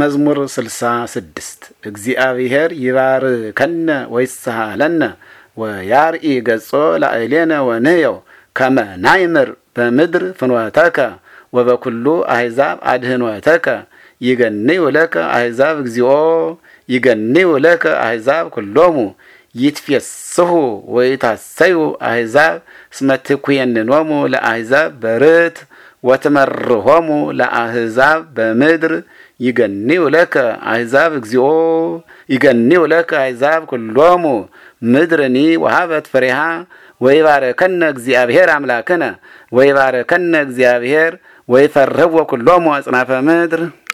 መዝሙር 66 እግዚአብሔር ይባርከነ ወይስሃለነ ወያርኢ ገጾ ላዕሌነ ወንህየው ከመ ናይምር በምድር ፍኖተከ ወበኩሉ አሕዛብ አድህኖተከ ይገንዩ ለከ አሕዛብ እግዚኦ ይገንዩ ለከ አሕዛብ ኩሎሙ ይትፌስሑ ወይታሰዩ አሕዛብ እስመ ትኩየንኖሙ ለአሕዛብ በርት ወትመርሆሙ ለአሕዛብ በምድር ይገኒው ለከ አሕዛብ እግዚኦ ይገኒው ለከ አሕዛብ ኩሎሙ ምድርኒ ወሃበት ፍሬሃ ወይባረከነ እግዚአብሔር አምላክነ ወይባረከነ እግዚአብሔር ወይፈርህዎ ኩሎሙ አጽናፈ ምድር